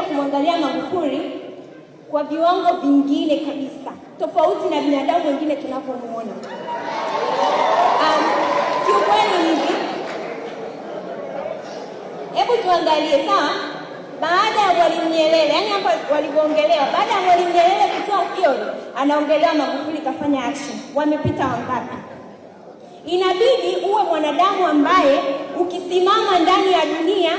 tunaenda kumwangalia Magufuli kwa viwango vingine kabisa, tofauti na binadamu wengine tunavyomuona. Um, kiukweli hivi, hebu tuangalie sawa, baada ya Mwalimu Nyerere, yani hapa walivyoongelewa, baada ya Mwalimu Nyerere kutoa ukioni, anaongelewa Magufuli kafanya action, wamepita wangapi? Inabidi uwe mwanadamu ambaye ukisimama ndani ya dunia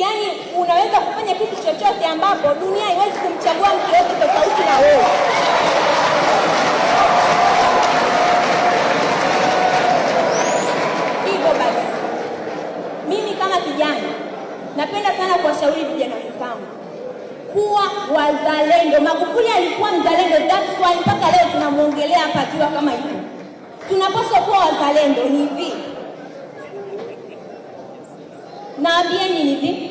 Yaani unaweza kufanya kitu chochote ambapo dunia haiwezi kumchagua mtu yote tofauti na wewe. Hivyo basi, mimi kama kijana napenda sana kuwashauri vijana wenzangu kuwa wazalendo. Magufuli alikuwa mzalendo, that's why mpaka leo tunamwongelea hapa akiwa kama hivi. Tunapaswa kuwa wazalendo. Ni hivi, naambieni ni hivi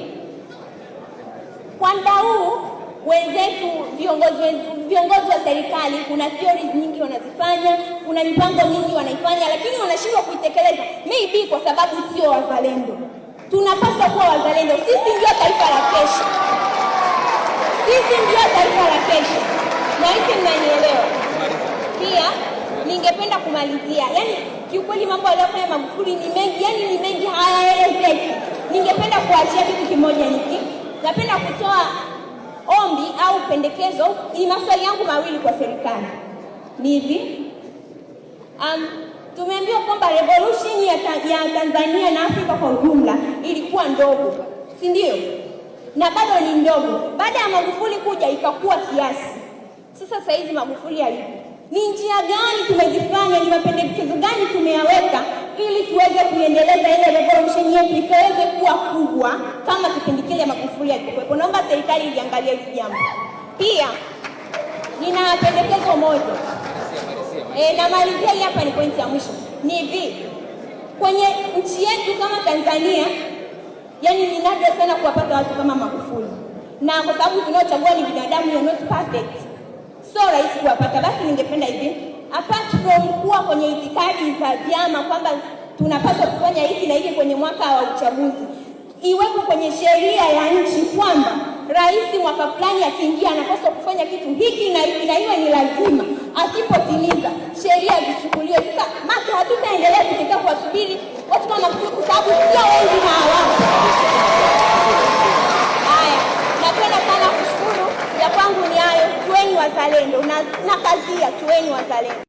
wetu viongozi viongozi wa serikali, kuna theories nyingi wanazifanya, kuna mipango mingi wanaifanya, lakini wanashindwa kuitekeleza, maybe kwa sababu sio wazalendo. Tunapaswa kuwa wazalendo, sisi ndio taifa la kesho, sisi ndio taifa la kesho, na hiki mnanielewa. Pia ningependa kumalizia, yani kiukweli mambo aliyofanya Magufuli ni mengi, yani ni mengi hayaelezeki. Ningependa kuachia kitu kimoja hiki, napenda kutoa pendekezo ni maswali yangu mawili kwa serikali ni hivi. Um, tumeambiwa kwamba revolution ya, ta ya Tanzania na Afrika kwa ujumla ilikuwa ndogo, si ndio? Na bado ni ndogo. Baada ya Magufuli kuja ikakuwa kiasi. Sasa sasa hizi Magufuli alipo, ni njia gani tumezifanya, ni mapendekezo gani tumeyaweka ili tuweze kuendeleza ile revolution yetu ikaweze kuwa kubwa ufuatiliaji kuwepo. Naomba serikali iliangalia hili jambo. Pia nina pendekezo moja e, namalizia hii hapa, ni pointi ya mwisho. Ni hivi, kwenye nchi yetu kama Tanzania, yani ni nadra sana kuwapata watu kama Magufuli, na kwa sababu tunaochagua ni binadamu, you're not perfect, so rahisi kuwapata. Basi ningependa hivi, apart from kuwa kwenye itikadi za vyama kwamba tunapaswa kufanya hiki na hiki kwenye mwaka wa uchaguzi iwekwe kwenye sheria ya nchi kwamba rais mwaka fulani akiingia anapaswa kufanya kitu hiki na hiki, na hiyo ni lazima. Asipotimiza sheria zichukuliwe. Sasa make hatutaendelea tukikaa kuwasubiri watu kama kwa sababu sio wengi hawa. Haya, napenda sana kushukuru. Ya kwangu ni hayo, tuweni wazalendo na, na kazia tuweni wazalendo.